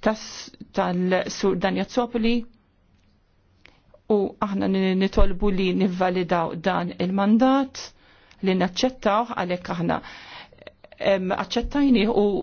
tal-sur Zopoli. u aħna nitolbu li nivvalidaw dan il-mandat li naċċettaw għalek aħna aċċettajni u